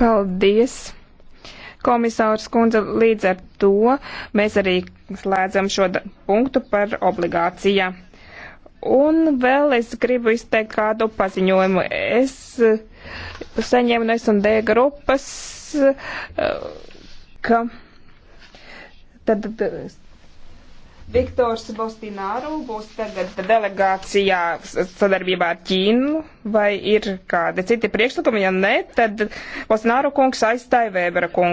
Paldies! Komisārs kundze, līdz ar to mēs arī slēdzam šo punktu par obligācijām. Un vēl es gribu izteikt kādu paziņojumu. Es eh, saņēmu no S&D grupas, eh, ka tad Viktors Bostināru būs tagad delegācijā sadarbībā ar Ķīnu, vai ir kādi citi priekšlikumi? Ja nē, tad Bostināru kungs aizstāja Vēbera kungu.